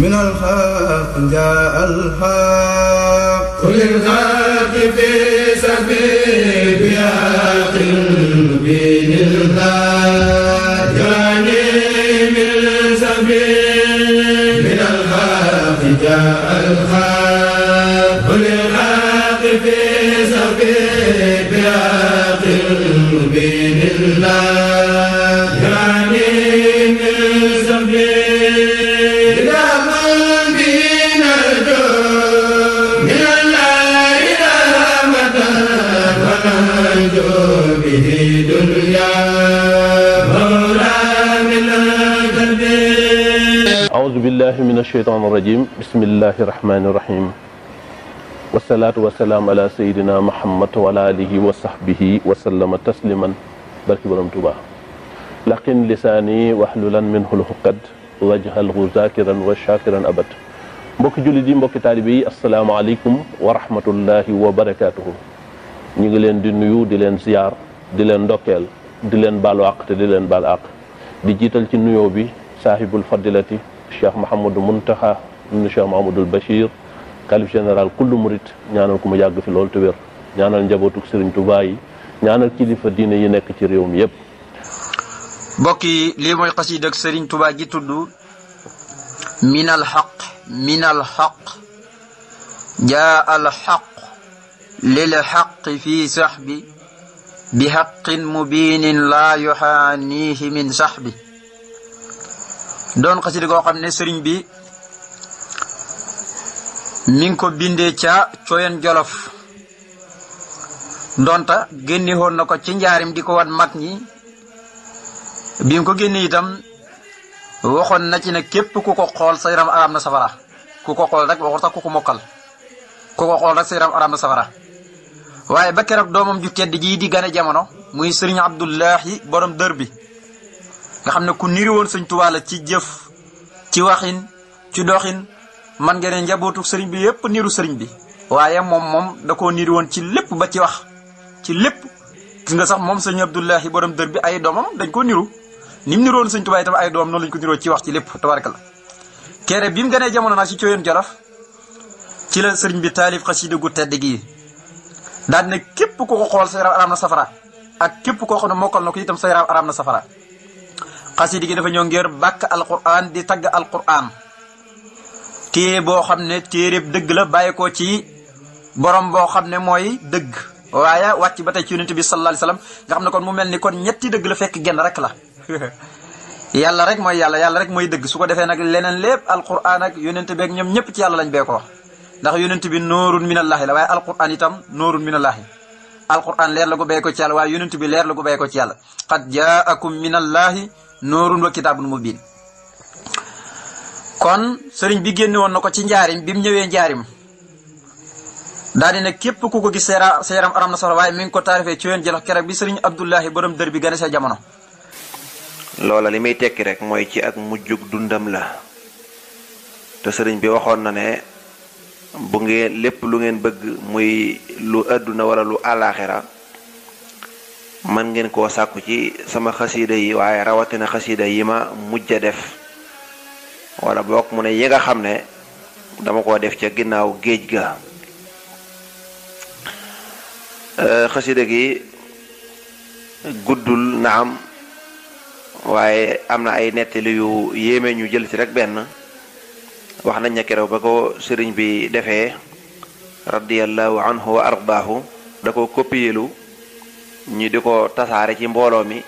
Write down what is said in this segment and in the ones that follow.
من الحق جاء الحق للحق في سبيل بياق بين الحق يعني من سبيل من الحق جاء الحق وللحق في سبيل بياق بين الله بالله من الشيطان الرجيم بسم الله الرحمن الرحيم والصلاة والسلام على سيدنا محمد وعلى آله وصحبه وسلم تسليما بارك برم توبا لكن لساني وحلولا منه الحقد وجه ذاكرا وشاكرا أبد بوك جولي بوك طالبي السلام عليكم ورحمة الله وبركاته نيغلين دي نيو دي لين زيار دي لين دوكيل دي لين بالواق دي لين بالاق دي جيتال تي نيو بي صاحب الفضيله الشيخ محمد منتخى الشيخ محمد البشير كالف جنرال كل مريت نيانال كوما ياغ في لول توير نيانال نجابوتو سيرن توباي نيانال كليفا دين يي نيك تي ريوم بوكي لي موي قصيده اك سيرن توبا من الحق من الحق جاء الحق للحق في سحبي بحق مبين لا يحانيه من سحبي doon xasida koo xam ne sëriñ bi mi ngi ko bindee ca cooyan jolof donta génne woon na ko ci njaarim di ko wan mag ñi bi mu ko génne itam waxoon na ci ne képp ku ko xool sa yaram araam na safara ku ko xool rek waxul sax ko mokkal ku ko xool rek safara waaye ba keroog doomam ju tedd ji di gane jamono muy sëriñ Abdullahi borom dër bi nga xamne ku niri won sëñ touba la ci jëf ci waxin ci doxin man nga ne njabootu bi yépp niru sëriñ bi waye mom mom da ko niri won ci lepp ba ci wax ci lepp gis nga sax mom sëñ abdullah borom deur bi ay domam dañ ko niru nim won sëñ touba itam ay doomam non lañ ko niru ci wax ci lepp tabarakallah kéré bi mu gënee jamono nag ci cooyoon jolof ci la sëriñ bi talif xasida gu tedd gi dal ne képp ko ko xol sa yaram safara ak képp ko xam mokal nako itam sa yaram safara qasidi gi dafa ñoo ngir bàkk alquran di tagg alquran téere boo xam ne téereb dëgg la bàyyi ko ci borom boo xam ne mooy dëgg waaye wàcc ba tey ci yonent bi sallallahu alayhi wasallam nga xam ne kon mu mel ni kon ñetti dëgg la fekk genn rek la yàlla rek mooy yàlla yàlla rek mooy dëgg su ko defee nag leneen lépp alquran ak yonent beeg ñoom ñëpp ci yàlla lañ bee ko ndax yonent bi noorun minallahi la waaye alquran itam noorun minallahi alquran leer la ko ci yàlla waaye bi leer la ko ci yàlla qad jaakum noorun wa mu mubiin kon sëriñ bi génne woon na ko ci njaariñ bi mu ñëwee njaarim daal di ne képp ku ko gis sa yaram aram na soxla waaye mi ngi ko taarifee ci yoon jëlax keroog bi sëriñ Abdullahi borom dër bi gane sa jamono. loola li muy tekki rek mooy ci ak mujjug dundam la te sëriñ bi waxoon na ne bu ngeen lépp lu ngeen bëgg muy lu àdduna wala lu àllaaxira man ngeen koo sàkku ci sama xasiida yi waaye rawatina xasiida yi ma mujj a def walla bokk mu ne yi nga xam ne dama ko def ca ginnaaw géej ga euh, xasida gi guddul naam waaye am na ay nettali yu yéeme ñu jël ci rekk benn wax nañ na keroog ba ko sëriñ bi defee radiyallahu anhu wa ardaahu da ko koppiyelu ñi di ko tasaare ci mbooloo mi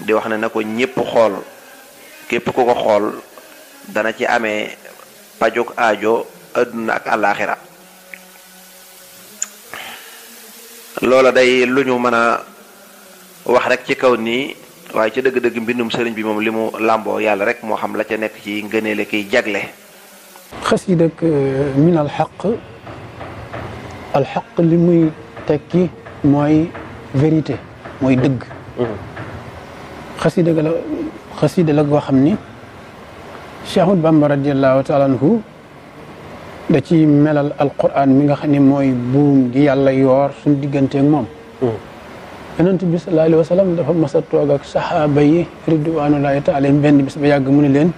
di wax na na ko ñépp xool képp ku ko xool dana ci amee pajug aajo adduna ak àllaaxira loola day lu ñu mën a wax rek ci kaw nii waaye ci dëgg-dëgg mbindum sëriñ bi moom li mu làmboo yàlla rek moo xam la ca nekk ci ngëneele kiy jagle xasida ak euh, min alxaq alxaq li muy tekki mooy vérité mooy dëgg xasida la xasida xam ni Cheikh Ahmad Bamba radiallahu taala da ci melal alquran mi nga xam ne mooy buum gi yàlla yoor suñ digganteek moom yonent bi sallallahu alayhi wa sallam dafa mas a ak saxaaba yi bis ba yàgg mu ne leen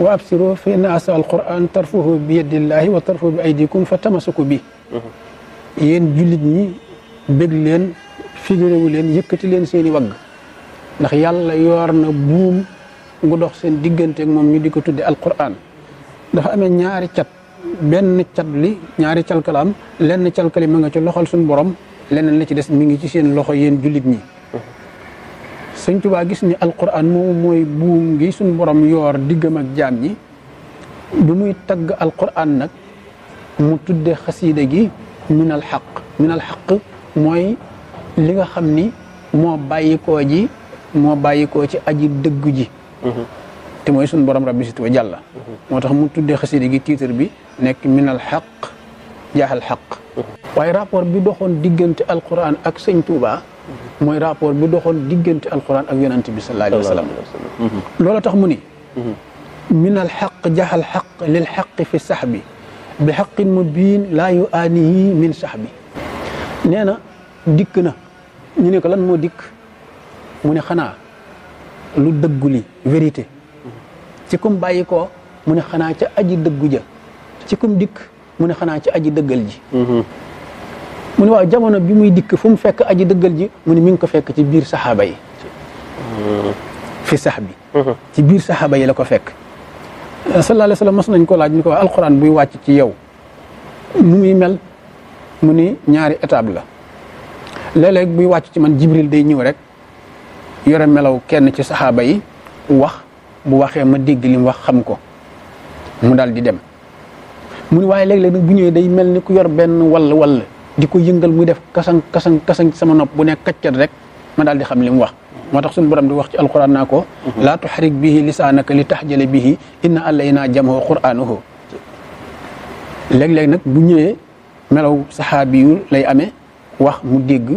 wa absiro fa inna asa alquran tarfuhu bi yadillahi wa tarfuhu bi aydikum fa tamasuku bi mhm. yéen jullit ñi bég leen figéré leen yëkkati leen seeni wagg ndax yàlla yoor na buum ngu dox seen diggante moom ñu di ko tudde alquran dafa amee ñaari cat benn cat li ñaari calkalaam lenn calkali ma nga ci loxol suñu borom leneen la ci des mi ngi ci seen loxo yéen jullit ñi sëñ Tuubaa gis ni alquran moom mooy buum gi suñu borom yoor diggam ak jaam ñi bi muy tagg alquran nag mu tudde xasiida gi mun al xaq min al xaq mooy li nga xam ni moo bàyyikoo ji moo bàyyikoo ci aji dëgg ji mhm. te mooy suñu borom rabbi sit wa jàlla mhm. moo tax mu tuddee xasida gi titre bi nekk minal xaq jaaxal xaq mhm. waaye rapport bi doxoon diggante alquran ak sëñ mooy rapport bi doxoon diggante alquran ak yonante bi sallallahu alayhi wa loola tax mu ni minal xaq jaaxal xaq lil xaq fi sax bi bi xaqin mu biin laa yu aanihi min sax bi nee na dikk na ñu ne ko lan mo dik mu ne xana lu degguli vérité ci kum bayiko mu ne xana ci aji dëggu ja ci kum dik mu ne xana ci aji dëggal ji mu ne wa jamono bi muy dik fu mu fekk aji dëggal ji mu ne mi ngi ko fekk ci bir sahaba yi fi sahbi ci bir sahaba yi la ko fekk sallallahu alayhi wasallam mas nañ ko laaj ñu ko alquran buy wàcc ci yow nu muy mel mu ne ñaari étape la léeg-léeg buy wàcc ci man jibril day ñëw rek yore melaw kenn ci saxaaba yi wax bu waxee ma dégg li wax xam ko mu daal di dem mu ni waaye léeg-léeg nag bu ñëwee day mel ni ku yor benn wall wall di ko yëngal muy def kasang kasang kasang sama nopp bu nekk kaccat rek ma daal xam li mu wax moo tax suñu borom di wax ci alquran naa ko mhm. laa tuxarik bihi lisaanaka li taxjale bihi inna alaynaa jamhu quraanuhu léeg-léeg nag bu ñëwee melaw saxaabi yu lay amee wax mu dégg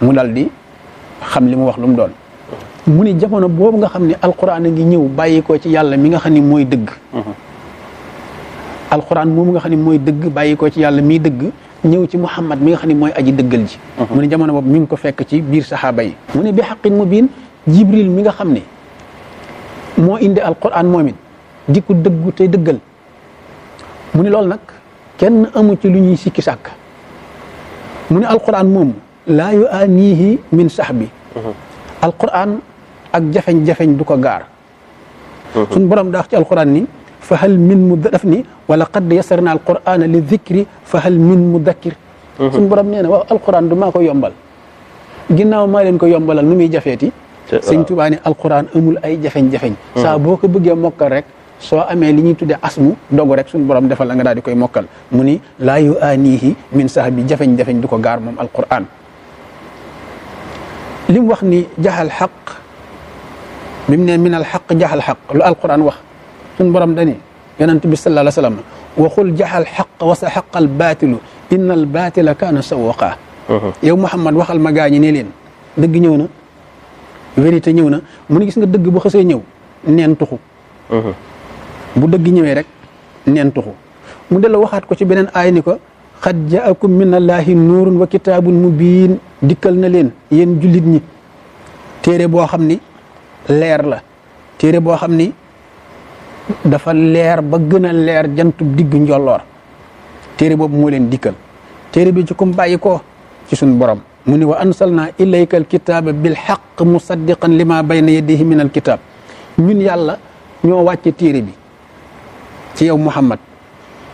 mu dal xam li mu wax lu mu doon mu ni jamono boobu nga xam alquran a ngi ñëw bàyyi ko ci yàlla mi nga xam ne alquran moomu nga xam ne mooy dëgg ci yàlla miy dëgg ci muhammad mi nga xam ne aji dëggal ji mu ne jamono boobu mi ngi ko fekk ci yi mu ne bi jibril mi nga xam ne indi alquran moom it di ko te dëggal mu kenn amu ci lu ñuy sikki mu ne alquran moom laa yu aaniihi min sax bi mhm. ak jafeñ-jafeñ du ko gaar mhm. suñ borom daa ci alquran ni fa hal min mu daf ni wala qad yasarna alqurana li dikri fa hal min mu dakkir mhm. suñ borom nee waaw alquran du maa ko yombal ginnaaw maa leen ko yombalal nu muy jafeeti sëñ Tuubaa ne alquran amul ay jafeñ-jafeñ saa boo ko bëggee mokkal rek so amé li ñi tuddé asmu ndogu rek suñu borom defal nga daal di koy mokal muni la laa yu aaniihi min sahbi jafagn jafeñ-jafeñ gar mom alquran lim wax ni jahal haqq bi ne min alhaq jahal haqq lu alquran wax suñu borom dani yonent bi sallallahu alayhi wasallam wa khul jahal haqq wa sahaq albatil in albatil kana sawqa yow Muhammad waxal ma gañi ne len deug ñewna vérité ñewna muni gis nga deug bu xësee ñëw nentu tuxu bu deug ñewé rek nentu ko mu del waxat ko ci benen ay ni ko khad jaakum min allahi nurun wa kitabun mubin dikkal na len yeen julit ñi téré bo xamni lèr la téré bo xamni dafa lèr ba gëna lèr jantu digg njolloor téré boobu mo len dikkal téré bi ci kum bayiko ci sun borom muni wa ansalna ilayka alkitaba haqq musaddiqan lima bayna yadihi min alkitab ñun yalla ño wacc téré bi ci yow Muhammad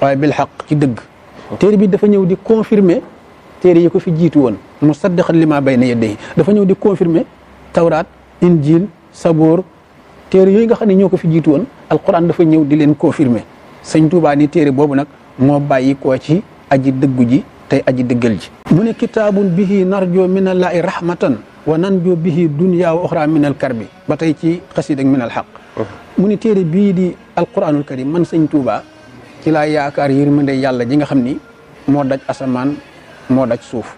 waaye bil xaq ci dëgg. téere bi dafa ñëw di confirmer téere yi ko fi jiitu woon musaddiqan lima bayna yadayhi dafa ñëw di confirmer tawraat injil saboor téere yooyu nga xam ne ñoo ko fi jiitu woon alquran dafa ñëw di leen confirmer sëñ Tuubaa ni téere boobu nag moo bàyyi koo ci aji dëggu ji tey aji dëggal ji mu ne kitaabun bihi narjo min allahi rahmatan wa nanjo bihi dunya wa oxra min al karbi ba tey ci xasiid ak min al xaq mu ni téere bii di alquranul karim man sañ tuuba ci laa yaakaar yërmande yàlla ji nga xam ni moo daj asamaan moo daj suuf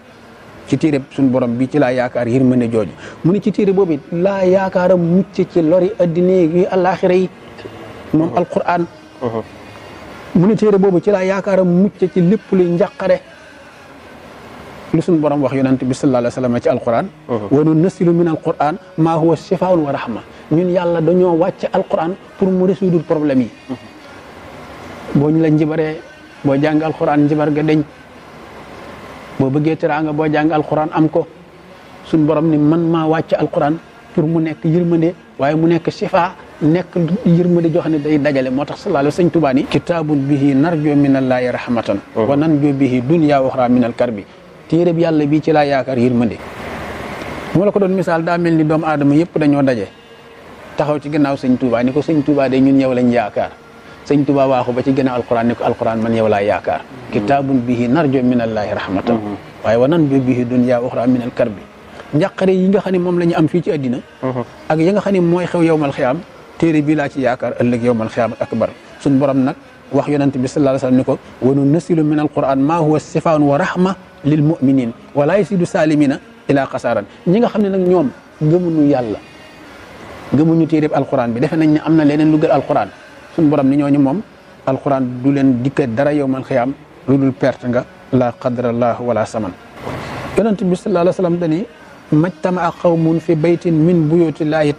ci téere suñ borom bi ci laa yaakaar yërmande jooju mu ni ci téere boobu laa yaakaar a mucc ci lori addina yi alaxira yi moom uh-huh. alquran uh-huh. mu ni téere boobu ci laa yaakaar a mucc ci lépp luy njàqare lu suñ borom wax yonante bi sallallahu alayhi wa sallam ci alquran uh-huh. wa nu nasilu min alquran maa huwa wa rahma ñun yàlla dañoo wàcc alquran pour mu résoudre problème yi boo ñu la njibaree boo jàng alquran njibar ga deñ boo bëggee teraanga boo jàng alquran am ko suñ borom ni man maa wàcc alquran pour mu nekk yërmande waaye mu nekk shifa nekk yërmande joo xam ne day dajale moo tax sallallahu alayhi wa sëñ Tuubaa nar kitaabun bihi narjo minallaahi rahmatan wa nanjo bihi dunya waxra minal karbi téere bi yàlla bii ci laa yaakaar yërmande moo wala ko doon misaal daa mel ni doomu aadama yëpp dañoo daje taxaw ci ginnaaw sëñ Touba ni ko sëñ Touba de ñun yow lañ yaakaar sëñ Touba waaxu ba ci ginnaaw alquran ni ko alquran man yow laa yaakaar mm-hmm. kitaabun bihi narjo min allaahi rahmatan mm-hmm. waaye wanan bi bihi dunya uxra min al karbi njàqare yi nga xam ne moom la ñu am fii ci àddina mm-hmm. ak yi nga ne mooy xew yowmal xiyaam téere bii laa ci yaakaar ëllëg yowmal xiyaam akbar suñ borom nag wax yonent bi sallallahu alayhi wasallam ni ko wa nunazzilu min alquran ma huwa sifaan wa rahma lil muminin wala yasidu saalimina ila xasaaran ñi nga xam ne nag ñoom gëmuñu yàlla gëmuñu téréb alquran bi defe nañ ni amna na leneen lu gël alquran sun borom ni ñooñu mom alquran du len dikke dara yowmal khiyam lu dul perte nga la qadra allah wala saman yonente bi sallallahu alayhi wasallam dani majtamaa qawmun fi baytin min buyuti buyutillahi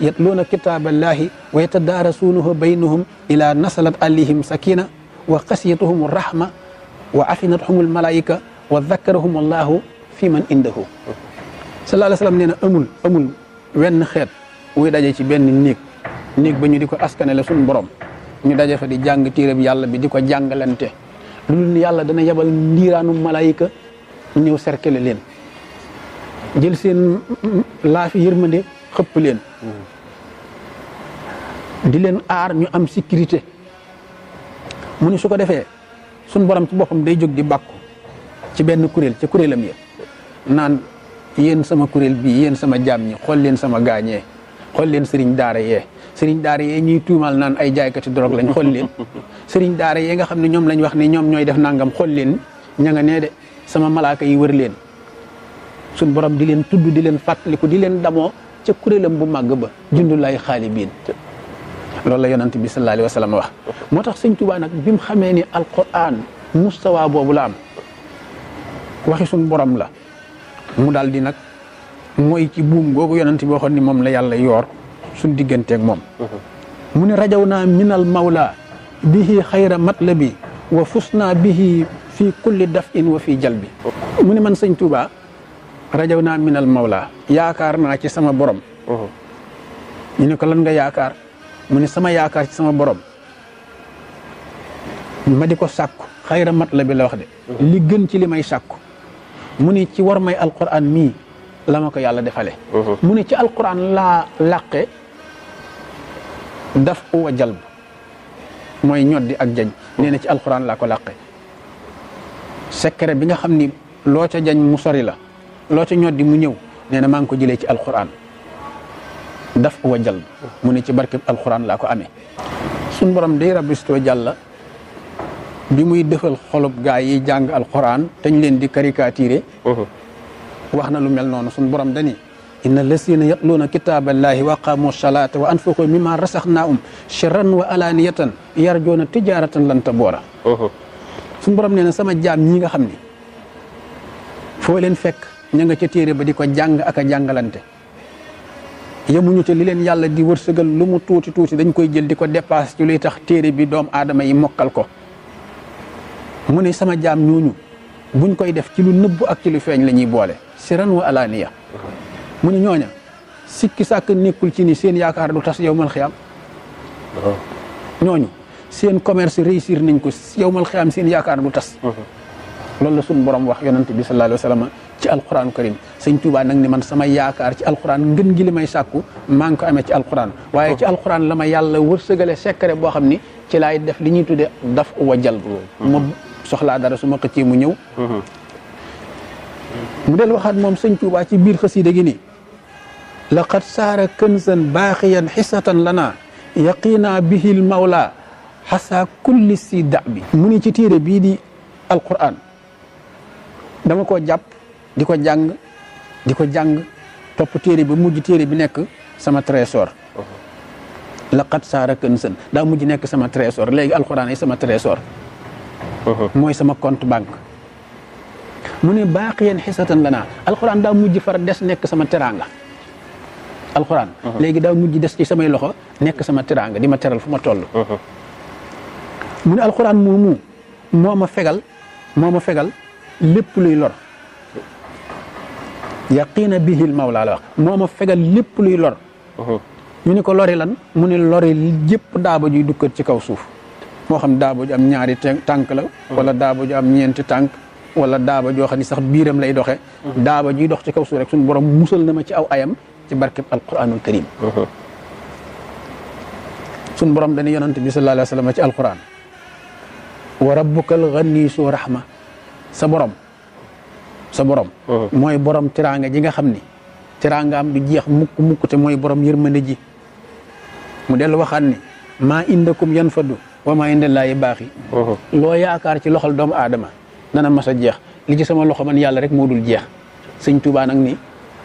yatluna kitaba kitaaballahi wa yatadaarasuunahu baynahum ila nasalat alayhim sakina wa qasiyatuhum arrahma wa afinatuhum almalaika wa dakarahum allah fi man indahu sallallahu alayhi wasallam sallam amul amul wenn xet wuy daje ci benn néeg néeg ba ñu di ko askanale suñu borom ñu daje fa di jàng téereb yàlla bi di ko jàngalante lu dul yàlla dana yebal ndiiraanu malaayika ñëw cercle leen jël seen ma yërmande xëpp leen di leen aar ñu am sécurité mu ni su ko defee suñ borom ci boppam day jóg di bàkku ci benn kuréel ci kuréelam yi naan yéen sama kuréel bii yéen sama jaam ñi xool leen sama gaañee xol leen sëriñ daara ye sëriñ daara ye ñi tuumal naan ay kat drogue lañ xol leen sëriñ daara ye nga xam ñom lañ wax ne ñom ñoy def nangam xol leen ña nga de sama malaaka yi wër leen sun borom di leen tuddu di leen fàttaliku di leen damo ci kuréelam bu mag ba jundulaay xaali biin loolu la yonante bi sallallahu alaihi wasallam wax motax tax touba nak nag xamé ni alquran mustawa bobu la am waxi sun borom la mu daldi nak mooy ci buum googu yonent bi waxoon ni moom la yàlla yoor suñ digganteeg moom mu ne rajaw naa minal mawla bihi xayra bi wa fus naa bihi fii kulli daf in wa fii bi mu ne man sëñ Touba rajaw naa minal mawla yaakaar naa ci sama borom ñu ne ko lan nga yaakaar mu ne sama yaakaar ci sama borom ma di ko sàkku xayra matlabi la wax de li gën ci li may sàkku mu ne ci war may alquran mii la ma ko yàlla defalee mhm. mu ne ci alquran laa làqe daf uwa jalb mooy ñoddi ak jañ nee na ci alquran laa ko làqe secret bi nga xam ni loo ca jañ mu sori la loo ca ñoddi mu ñëw nee na maa ngi ko jëlee ci alquran daf uwa jalb mu ne ci barkeb alquran laa ko amee suñ borom day rabistoo jàlla bi muy defal xolub gaa yi jàng alquran te ñu leen di caricaturer mhm. wax na lu mel noonu suñ borom dani inna lasina yatluuna kitaaballahi wa aqaamu salaata wa anfaqu mimma rasaxnaahum sirran wa alaaniyatan yarjoona tijaaratan lan taboora suñ borom nee na sama jaam ñi nga xam ni foo leen fekk ña nga ca téere ba di ko jàng ak a jàngalante yemuñu te li leen yàlla di wërsëgal lu mu tuuti tuuti dañ koy jël di ko dépasse ci luy tax téere bi doom aadama yi mokkal ko mu ne sama jaam ñooñu buñ koy def ci lu nëbbu ak ci la ñuy boole siran wa alaaniya mu ni ñooña sikki sàkk nekkul ci ni seen yaakaar du tas yow mal xiyaam ñooñu seen commerce réussir nañ ko yow mal xiyaam seen yaakaar du tas loolu la suñu borom wax yonent bi sallallahu alayhi wa sallam ci alquran karim sëñ Tuubaa nag ni man sama yaakaar ci alquran ngën gi li may sàkku maa ko amee ci alquran waaye ci alquran la ma yàlla wërsëgale secret boo xam ni ci laay def li ñuy tudde daf wa jalb ma mhm. soxlaa dara su ma xëccee mu ñëw mhm. mu del mom moom sëñ Tuubaa ci bir khasside gi ni laqad sara kënsan baqiyan hisatan lana yaqina bihi al mawla hasa kulli si muni ci tire bi di alquran dama ko japp di jang diko di top tire bi mujj tire bi nek sama trésor laqad sara kënsan da mujj nek sama trésor Al alquran ay sama trésor moy sama compte banque mu ne la xisatan lana alxuraan daa mujj far des nekk sama teraanga alxuraan uh-huh. léegi daa mujj des ci samay loxo nekk sama teraanga di ma teral fu ma toll uh-huh. mu ne alxuraan moomu moo ma fegal moo fegal lépp luy lor yaqiina bihil mawla la wax moo ma fegal lépp luy lor uh-huh. ñu ni ko lori lan mu ne lori jëpp daaba juy dukkat ci kaw suuf moo xam daaba ju am ñaari tànk la wala daaba ju am ñeenti tànk wala daaba joo xam ni sax biiram lay doxe daaba juy dox ci kaw suuf rek suñu borom musal na ma ci aw ayam ci barkeb alquranul karim suñu borom dañu yonante bi sallallahu alayhi wa sallam ci alquran wa rabbukal ghani su rahma sa borom sa borom mooy borom tiraanga ji nga xam ni tiraangaam du jeex mukk mukk te mooy borom yërmande ji mu dellu waxaan ni maa indakum yanfadu wa maa inda laahi baaxi uh-huh. loo yaakaar ci loxol doomu aadama dana mas a jeex li ci sama loxo man yàlla rek moo dul jeex sëñ Tuubaa nag ni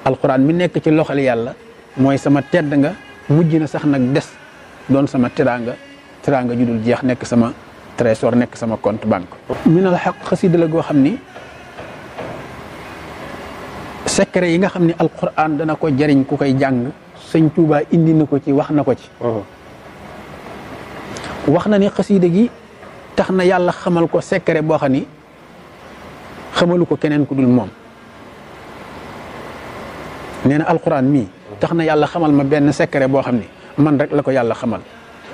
alxuraan mi nekk ci loxol yàlla mooy sama tedd nga mujj na sax nag des doon sama teraanga teraanga ju dul jeex nekk sama trésor nekk sama compte banque. minal xaq xasida la goo xam ni secret yi nga xam ni alxuraan dana ko jariñ ku koy jàng sëñ Tuubaa indi na ko ci wax na ko ci. Uh-huh. wax na ni xasida gi tax na yàlla xamal ko secret boo xam ni. xamalu ko keneen ku dul moom nee na alquran mii tax na yàlla xamal ma benn secret boo xam ni man rek la ko yàlla xamal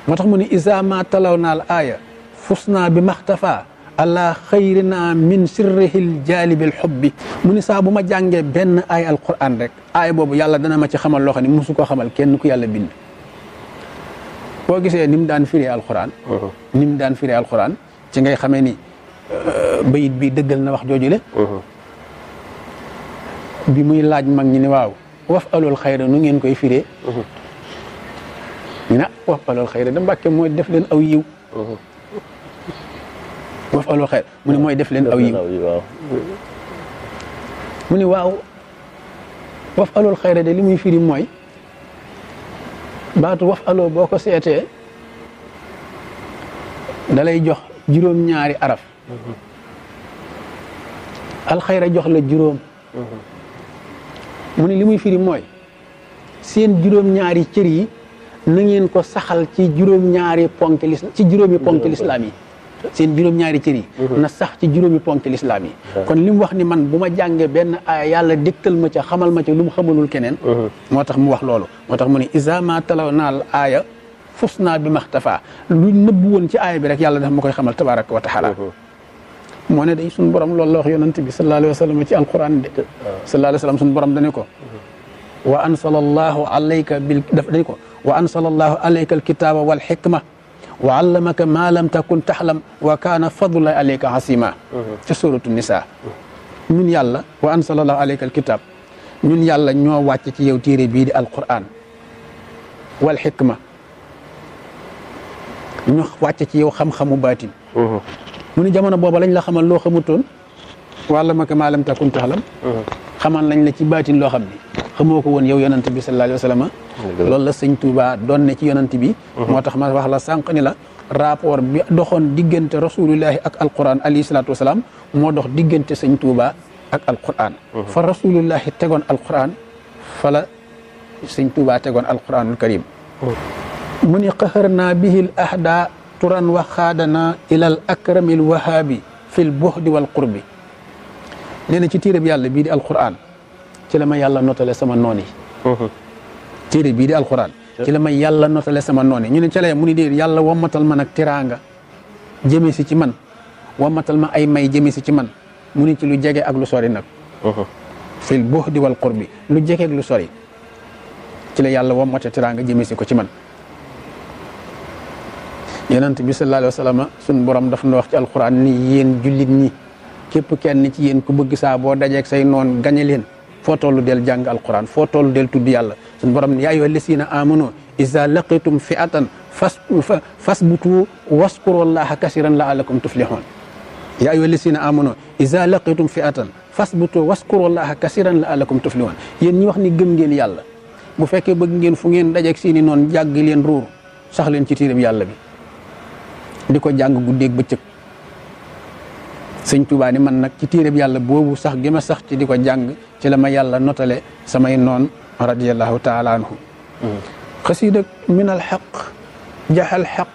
moo tax mu ne isa ma talaw naal aaya fus naa bi maxtafa ala xayrina min sirrihil jaalibil xubbi mu ni saa bu ma jàngee benn aay alquran rek aay boobu yàlla dana ma ci xamal loo xam ne mosu koo xamal kenn ku yàlla bind boo gisee ni mu daan firee alquran ni mu daan firee alquran ci ngay xamee ni Euh, bayit bi dëggal na wax jooju le mhm. bi muy laaj mag ñi ne waaw waf alool xayra nu ngeen koy fire na mhm. ne waf alool xayra da mbàkke mooy def leen aw yiw mhm. waf alool xayra mu ne mooy def leen aw yiw mu ne waaw waf alool xayra de li muy firi mooy baatu waf aloo boo ko seetee dalay jox juróom-ñaari araf Mhm. alxayra jox la juróom mu ne li muy firi mooy seen juróom-ñaari cër yi na ngeen ko saxal ci juróom-ñaari ponk lis ci juróomi ponk lislaam yi seen juróom-ñaari cër yi mhm. na sax ci juróomi ponk lislaam yi kon li mu wax ni man bu ma jàngee benn aaya yàlla dégtal ma ca xamal ma ca lu mu xamalul keneen mhm. moo tax mu wax loolu moo tax mu ne isa ma talaw naal aaya fus naa bi maxtafa lu nëbb ci aaya bi rek yàlla daf ma koy xamal tabaraka wa taala moo day sun borom loolu la wax yonent bi sallallahu alayhi wasallam ci alquran sallallahu alayhi wa sallam suñu borom dane wa ansala alayka bil daf dañ ko wa ansala allahu alayka alkitaba wal hikma wa allamaka ma lam takun tahlam wa kana fadlullah alayka hasima ci suratul nisa ñun yàlla wa ansala allahu alayka alkitab ñun yàlla ño wàcc ci yow tire bi di alquran wal hikma ñu wàcc ci yow xam-xamu baatin muni jamono bobu lañ la xamal lo xamutoon wala maka malam maalam takun taxalam xamal lañ la ci batin lo xamni xamoko won yow yonant bi sallallahu alayhi wasallam sallam la seigne Touba doon ne ci yonant bi motax ma wax la sank ni la rapport bi doxon digeunte rasulullah ak alquran alayhi salaatu wasalaam dox digeunte seigne Touba ak alquran fa rasulullah tegoon alquran fala seigne Touba tegoon alquranul karim muni qahrna bihi alahda ahda turan waxaadana ilal akramil wahaabi fil buhdi wal qurbi nee na ci téere bi yàlla bii di alquran ci la ma yàlla notale sama noon yi mhm. téere bii di alquran ci la may yàlla notale sama noon yi ñu ne ca lay mu ni déer yàlla wammatal ma nag tiraanga jëmee ci man wammatal ma ay may jëmee ci man mu ni ci lu jege ak lu sori nag mhm. fil buhdi wal qurbi lu jege ak lu sori ci la yàlla wammata tiraanga jëmee ko ci man yonent bi sallallahu alayhi wa sallam suñ borom daf na wax ci alquran ni yéen jullit ñi képp kenn ci yéen ku bëgg saa dajeek dajeeg say noon gañe leen foo tollu del jàng alquran foo tollu del tudd yàlla suñ borom ni yaa ayyuha lasiina aamanu iza laqitum fi'atan fas fasbutu waskurullaha kasiran la'allakum tuflihun yaa ayyuha lasiina aamanu iza laqitum fi'atan fasbutu waskurullaha kasiran la'allakum tuflihun yéen ñi wax ni gëm ngeen yàlla bu fekkee bëgg ngeen fu ngeen dajeeg seeni noon jàgg leen ruur sax leen ci tiiram yàlla bi diko jang guddé ak bëccëg seigne touba ni man nak ci téereb yalla bobu sax gima sax ci diko jang ci lama yalla notalé samay non radiyallahu taala anhu qasida min al jahal jaxal xaq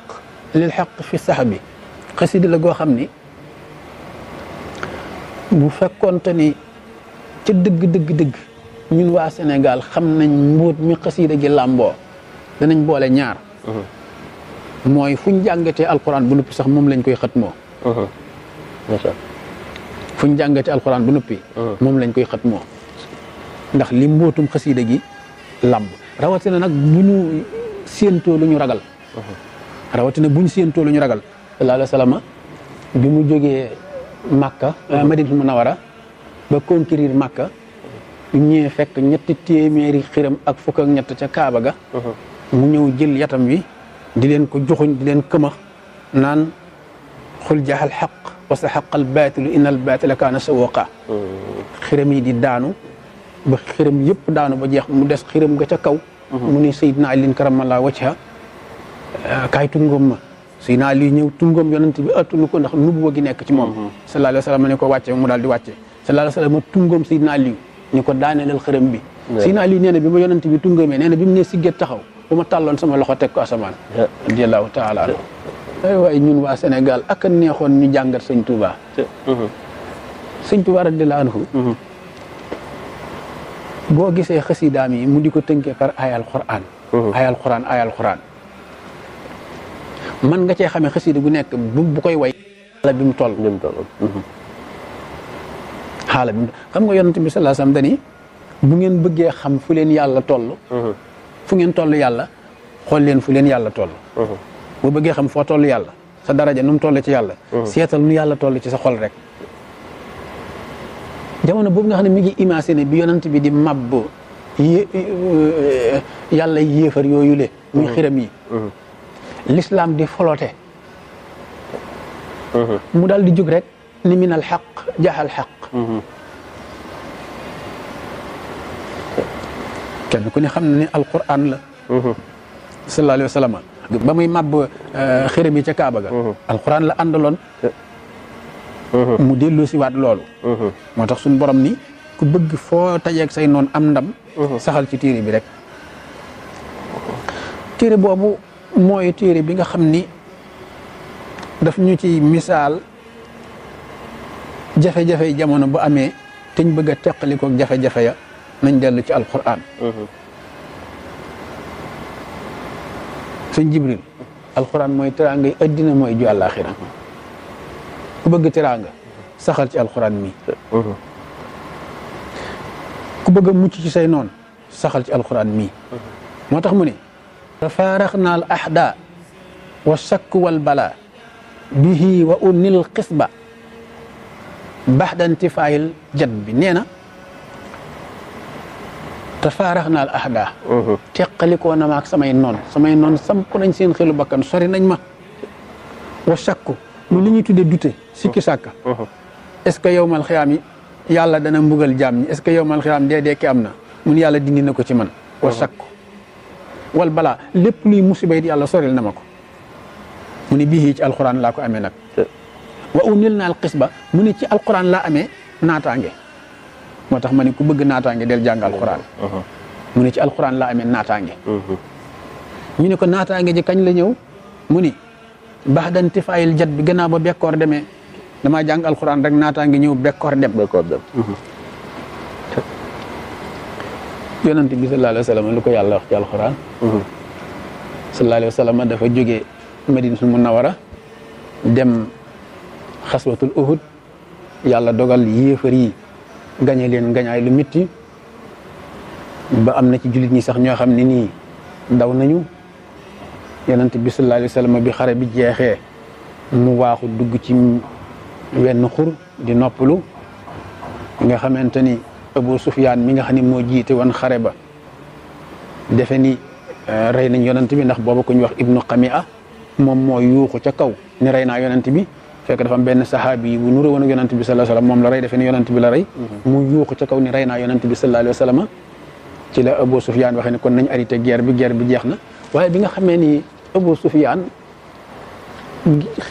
lil xaq fi sahbi qasida la go xamni bu fekkonte ni ca deug deug dëgg ñun wa Sénégal xamnañ mbot mi qasida gi lambo danañ boole ñaar mooy fu ñu jàngatee alxuraan bu nuppi sax moom lañ koy xatmoo. macha allah fu ñu jàngatee alxuraan bu nuppi. Uh-huh. moom lañ koy xatmoo ndax li mbootum xasiida gi làmb rawatina nag bu ñu séentoo lu ñu ragal. Uh-huh. rawatina bu séentoo lu ñu ragal. laala salama bi mu jógee Makka. Euh, Madinatul Munawara ba conquérir Makka. ñee fekk ñetti téeméeri xiram ak fukk ñett ca Kaaba ga. Uh-huh. mu ñëw jël yatam wi. di leen ko joxuñ di leen këmax naan xul jaaxal xaq wasa xaqal baatilu innal baatila kaana sawaqa xiram yi di daanu ba xiram yëpp daanu ba jeex mu des xiram nga a kaw mhm. mu ni Seydina Alin karamallaa wajha ah, kaay tungoom ma Seydina Ali ñëw tungoom yonent bi attunu ko ndax nubuwa nekk ci moom mhm. sallallahu alayhi wa sallam ne ko wàcce mu daal di wàcce sallallahu alayhi wa sallam tungoom Seydina Ali ñu ko daaneelal xiram bi Seydina Ali nee na bi ma yonent bi tungoomee nee na bi mu ne sigget taxaw bu ma tàlloon sama loxo teg ko asamaan eh. radiallahu taala anhu ay waay ñun waa Sénégal ak a neexoon ñu jàngat sëñ Touba eh. mm-hmm. sëñ Touba radiallahu anhu mm-hmm. boo gisee xasidaam yi mu di ko tënkee par ayal Qur'an mm-hmm. ayal Qur'an man nga cee xamee xasida bu nekk bu koy way xaala bi mu toll xaala bi mu xam nga yonent bi sallallahu alayhi wasallam bu ngeen bëggee xam fu leen yàlla toll fu ngeen toll yàlla xol leen fu leen yàlla toll boo bëggee xam foo toll yàlla sa daraja num mu toll ci yàlla seetal nu yàlla toll ci sa xol rek jamono boobu nga xam ne mi ngi imaginer bi yonent bi di màbb yàlla yéefar yooyu le muy xiram yi l'islam di folote mu dal di jug rek ni min al xaq jaxal kenn ku ne xam na ni alquran la mhm. sallallahu alayhi wasallam ba muy mab euh, xërëm yi ca kaaba ga mhm. alquran la àndaloon mhm. mu delu ci wat lolu moo tax suñ borom ni ku bëgg foo ak say non am ndam saxal ci téré bi rek téré bobu moy téré bi nga xam ni daf ñu ci misal jafé jafé jamono bu amé te bëgg a jafé jafé ya nañ dellu ci alquran. Mhm. sëñ Jibril alquran mooy teraanga yi addina mooy ju àllaaxira ku bëgg teraanga saxal ci alquran mi. Mhm. ku bëgg a mucc ci say noon saxal ci alquran mii mhm. moo tax mu ne tafaarax naa al wa shakk wal bala bihi wa unil xisba baxda intifaayil jat bi nee na تفارغنا الأحداث تقلق وانا معك سمعي النون سمعي النون سمكو ننسين خلو بكان سوري نجمة وشاكو نوليني تودي دوتي سيكي ساكا اسكا يوم الخيامي يالا دانا مبغل جامي اسكا يوم الخيام دي دي كامنا من يالا ديني نكو تيمن وشاكو والبلا لب لي مصيبة دي الله سوري نمكو من بيهيج القرآن لاكو أمينك وأونلنا القصبة من تي القرآن لا أمي ناتانجي moo tax ma ne ku bëgg naataange del jàng alxuraan uh-huh. mu ne ci alxuraan laa amee naataange uh-huh. ñu ne ko naataange ji kañ la ñëw mu ni baax dan tifaayil jat bi gannaaw ba bekkoor deme damaa jàng alxuraan rek naataange ñëw bekkoor dem bekkoor dem uh-huh. yonent bi sallallahu alayhi wa sallam lu ko yàlla wax ci alxuraan sallallahu alayhi wa sallam dafa jógee madinatul munawara dem xaswatul uhud yàlla dogal yéefar yi gañe leen gañaay lu metti ba amna ci julit ñi sax ño xamni ni ndaw daw nañu yonent bi sallallahu alayhi wasallam bi xare bi jexé mu waxu dugg ci wenn xur di noppulu nga xamanteni abu Sufyan, mi nga xani mo jité won xare ba defé ni rey nañ yonent bi ndax bobu ku ñu wax ibnu qami'a mom mo yuxu ca kaw ni rayna bi fekk dafa am benn sahaabi bu nuru woon ak bi sallallahu alayhi wasallam mom la ray defe ne bi la ray mhm. mu yuuxu ci kaw ni rayna naa bi sallallahu alayhi wasallam ci la Abu Sufyan waxee ni kon nañ arrêté guerre bi guerre bi jeexna waye bi nga xamé ni Abu Sufyan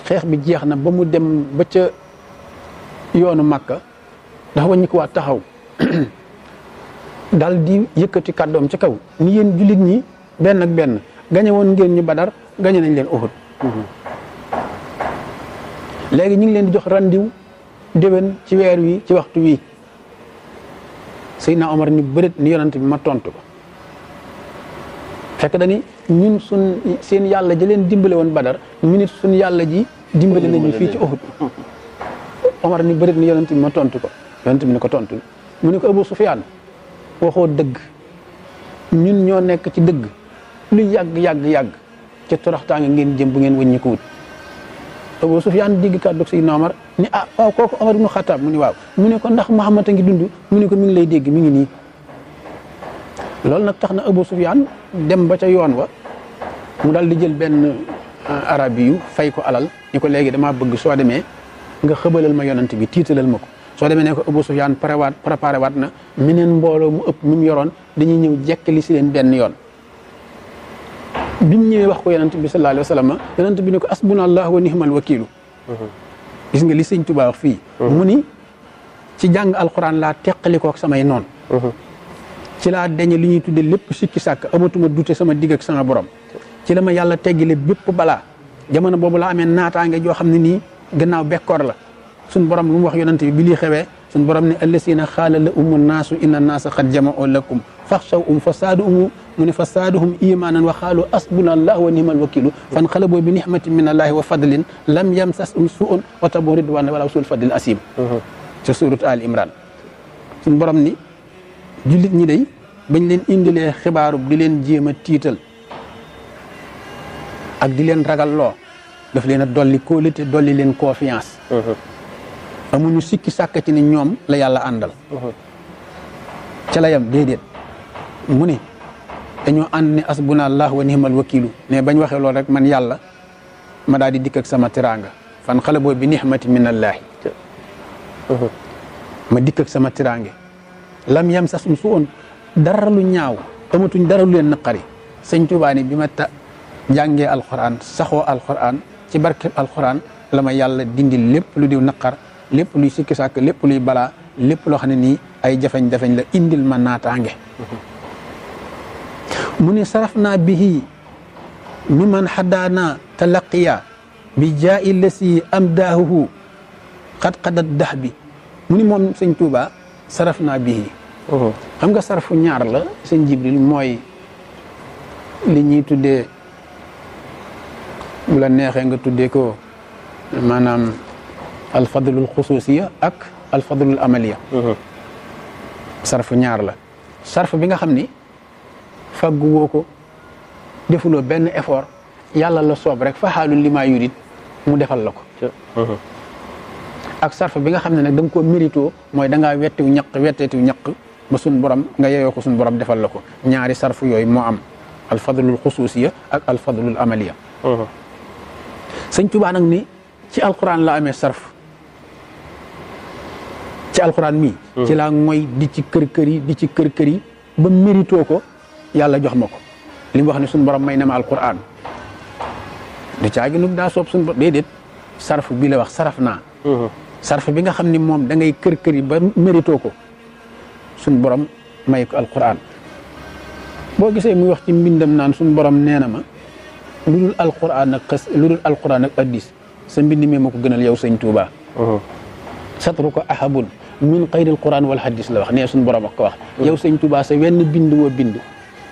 xex bi jeexna ba mu dem ba ca yoonu Makka da wàññi ko taxaw dal di yëkkati kaddom ci kaw ni yeen julit ñi benn ak benn gañe ngeen ñu Badar nañ leen Uhud mhm. léegi ñu ngi leen di jox randiw déwén ci weer wi ci waxtu wii Seydina Omar ni bërit ni yonant bi ma tontu ko fekk dani ñun sun seen yàlla ji leen dimbale woon Badar minit sun yàlla ji dimbale nañu fii ci Uhud Omar ni bërit ni yonant bi ma tontu ko yonant bi ni ko tontu mu ni ko Abu Sufyaan waxoo dëgg ñun ñoo nekk ci dëgg lu yàgg yàgg yàgg ca toraxtaange ngeen jëm bu ngeen wëññi ko wut Abu Sufyan digi kaddu Seydina Omar ni ah waaw kooku Omar ibnu Xataab mu ni ko ndax Muhammad ngi dundu mu ko mi ngi lay deg mi ngi ni lol nak taxna Abu Sufyan dem ba ca yoon wa mu dal di jël ben euh, arabiyu fay ko alal ni ko legi dama bëgg so demee nga xëbalal ma yonent bi tiitalal mako so soo ne ko Abu Sufyan para préparé wat na minen mbolo mu ëpp mu yoron dañuy jekki li ci len ben yoon biñ ñëwee wax ko yaronte bi sallallahu alayhi wasallam yaronte bi ne ko asbuna allah wa nihmal wakilu gis nga li seigne touba wax fi mu ni ci jang alquran tekkaliko ak samay noon ci la deñ li ñuy tuddé lepp sikki amatuma dute sama dig ak sama borom ci lama yalla téggilé bëpp bala balaa jamono boobu la amé naataange joo xam ne gannaaw bekkor la sun borom lu mu wax yaronte bi li xewé suñ borom ni allasina xaala la umu naasu inna naasa xad jamao lakum faxshaw um fa saadu mu ne fa saaduhum imaanan wa xaalu asbuna allah wa nimal wakilu fan xalaboo bi nihmatin min allahi wa fadlin lam yamsas um suun wa tabu ridwan wala usul fadlil asim ca surat al imran suñ borom ni jullit ñi day bañ leen indilee xibaarub di leen jéem a tiital ak di leen ragal loo daf leen a dolli kóolite dolli leen confiance amuñu sikki sakka ci ni ñom la yalla andal mhm. ci la yam dedet mu ne dañu and ni asbuna allah wa nihmal wakilu ne bañ waxe lool rek man yalla ma daal di ak sama tiranga fan xale boobu bi ni'mati min allah mhm. ma dik ak sama tirange lam yam sa sun suun dara lu ñaaw amatuñ dara lu leen naqari señ Tuubaa ni bima ta jange alquran saxo alquran ci barke alquran lama yalla yàlla dindi lépp lu diw naqar lepp luy sikki sak poli luy le lepp lo xane ni ay jafagn la indil mana tangge. tangé muni saraf bihi miman hadana talaqiya bi ja'il lasi am qad qadad dahbi muni mom seigne touba sarafna saraf bihi xam nga sarfu ñaar la seigne Jibril moy li ñi tuddé bu la nga tuddé ko manam alfadlul xusuusiya ak alfadlul amaliya sarf ñaar la sarf bi nga xam ni faggu woo ko defuloo benn effort yàlla la soob rek fa xaalul li maa yurit mu defal la ko ak sarf bi nga xam ne nag da nga koo mérito mooy da ngaa wettiw ñaq wettetiw ñaq ba sun borom nga yeyoo ko sun borom defal la ko ñaari sarf yooyu moo am alfadlul xusuusiya ak alfadlul amaliya sëñ Tuubaa nag ni ci alquran la amee sarf ci alquran mi hmm. ci la ngoy di ci keur kër yi di ci keur kër yi ba merito ko yalla jox mako lim wax ni sun borom may na ma alquran du caagi nag da sop sun dedet sarf bi la wax saraf naa hmm. sarf bi nga xamni ni da ngay keur kër yi ba merito ko sun borom may ko alquran bo gisee muy wax ci mbindam nan sun borom neena ma lulul alquran ak xas alquran ak hadith sa mbind mi gënal yow seigne touba hmm. ahabun من غير القران والحديث لا واخ ني سون بروم كو واخ ياو سيغ توبا سا وين بيند و بيند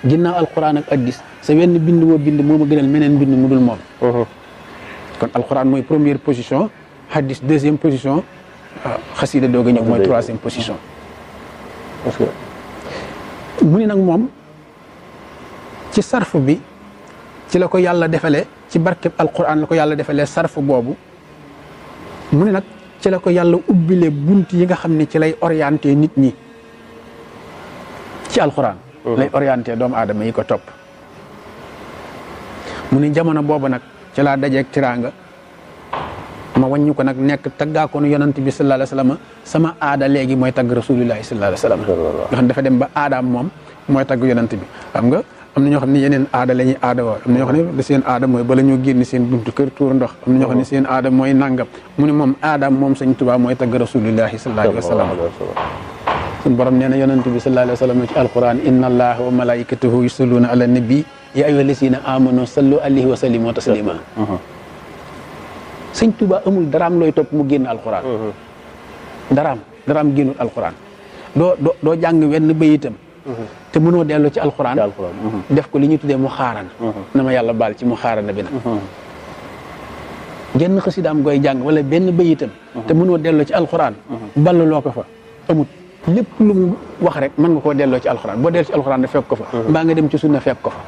غيناو القران اك حديث سا وين بيند و بيند موما غينال منين بيند مودول موم كون القران موي بروميير بوزيشن حديث دوزيام بوزيشن خسيده دوغا نيو موي تروازيام بوزيشن موني نك موم تي صرف بي تي لاكو يالا ديفالي تي بركه القران لاكو يالا ديفالي صرف بوبو موني نك ci la ko yàlla ubbile bunt yi nga xam ne ci lay orienté nit ñi ci alxuraan. Mhm. lay orienté doomu aadama yi ko topp. mu ne jamono boobu nag ci laa dajeek tiraanga ma wàññi ko nag nekk taggaakoon yonant bi la alayhi la sallam sama aada léegi mooy tagg rasulillahi sallallahu alayhi wa sallam. nga xam dafa dem ba aadaam moom mooy tagg yonant bi xam nga. amna na ñoo xam yeneen aada lañuy aada wa amna na ñoo xam ne seen aada moy ba lañu genn seen buntu kër tour ndox amna na ñoo xam seen aada moy nangam mu ne moom aadaam moom sëñ Tuubaa mooy tagg rasulillahi sallallahu alaihi wasallam sun borom neena na yonent bi sallallahu alaihi wasallam ci alquran inna allaha wa malaikatahu yusalluna ala nabi ya ayyuha alladhina amanu sallu alaihi wa sallimu taslima sëñ Tuubaa amul daram loy top mu genn alquran mm-hmm. daram daram génnul alquran do do jang wenn bayitam te mënoo Al ci alquran mhm. def ko li ñuy tuddee mu xaarana mhm. na ma ci muxaran xaarana bi nag genn mhm. xasidaam goy jang wala benn beyitam te mënoo lip ci alquran ballaloo loko fa amut lepp lu mu wax rek man nga ko delloo ci alquran bo delloo ci alquran da fekk ko fa ba nga dem ci sunna fekk ko fa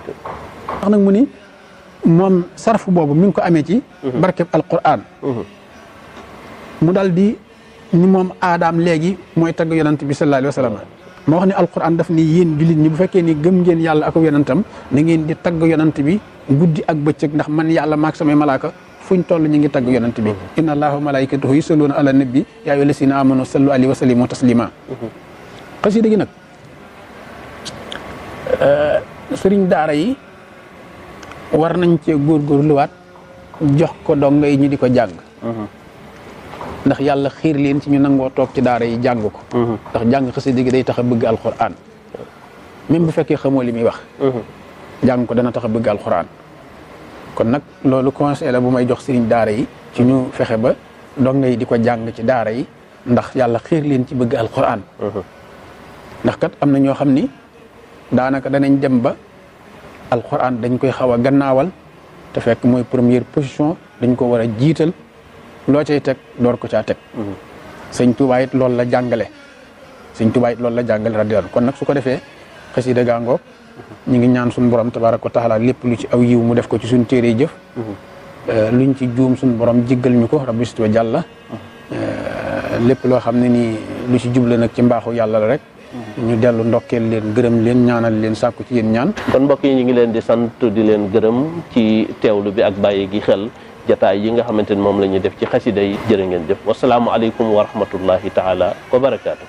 wax nak mu ni moom sarfu mi ngi ko amé ci barke alquran mu daldi di ni mom adam legi moy tag yonnati bi sallallahu alaihi wasallam ma wax ni alquran daf ni yéen jullit ñi bu fekkee ni gëm ngeen yàlla ak yonantam na ngeen di tagg yonant bi guddi ak bëccëg ndax man yàlla maak samay malaaka fuñ toll ñu ngi tagg yonant bi mhm. inna allaha wa malaikatahu yusalluuna ala nabi yaa ayyuha lasina amanu sallu alayhi wa sallimu taslima mhm. xasida gi nag eh, sëriñ daara yi war nañ cee góor góorgóorluwaat jox ko donga yi ñu di ko jàng mhm. ndax yàlla xiir leen ci ñu nangoo toog ci daara yi jàng ko mhm. ndax jàng xasida gi day tax a bëgg alxuraan même bu fekkee xamoo li muy wax mhm. jàng dana tax bëgg alxuraan kon nag loolu conseil la bu may jox sëriñ daara yi ci ñu fexe ba donga yi di ko jàng ci daara yi ndax yàlla xiir leen ci bëgg alxuraan mhm. ndax kat am na ñoo xam ni daanaka danañ dem ba alxuraan dañ koy xaw a gannaawal te fekk mooy première position dañ ko war a jiital loo cay teg door ko caa teg. Mhm. sëñ Tuubaa it loolu la jàngale. sëñ Tuubaa loolu la jàngale radiyallaahu kon nag su ko defee xasida gaangoog ñu ngi ñaan suñu borom tabaaraka ko taala lépp lu ci aw yiw mu def ko ci suñu téere jëf. Mhm. Euh, luñ ci juum suñu borom jéggal ñu ko rabbi wa jàlla. Mhm. Euh, lépp loo xam ne nii lu ci juble nag ci mbaaxu yàlla rek. ñu dellu ndokkeel leen gërëm leen ñaanal leen sàkku ci yéen ñaan. kon mbokk yi ñu ngi leen di sant di leen gërëm ci teewlu bi ak bàyyi gi xel. jotaay yi nga xamanteni mom moom def ci khassida yi jeere ngeen jëf wasalaamu alaykum wa rahmatullahi taala wa barakatuh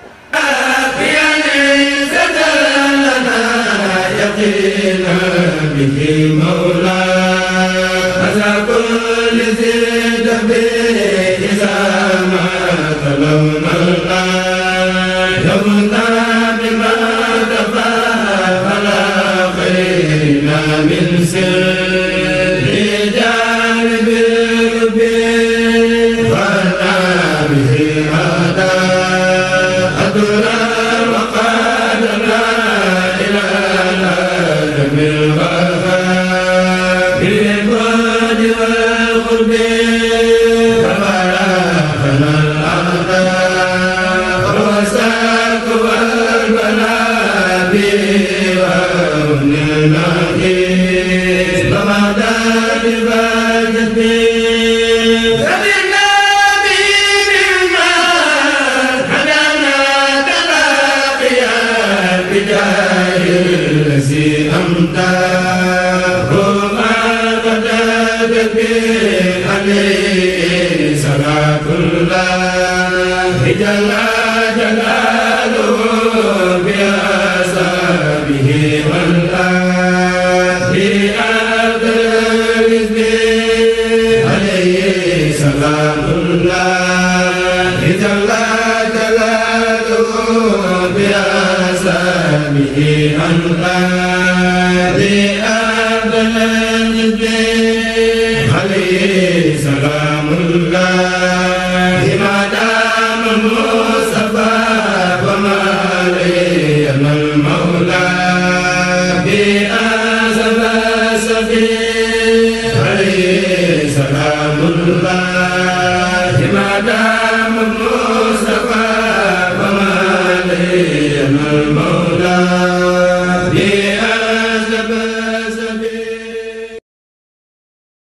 Yeah. jalla jalaaluhu bi asaabihi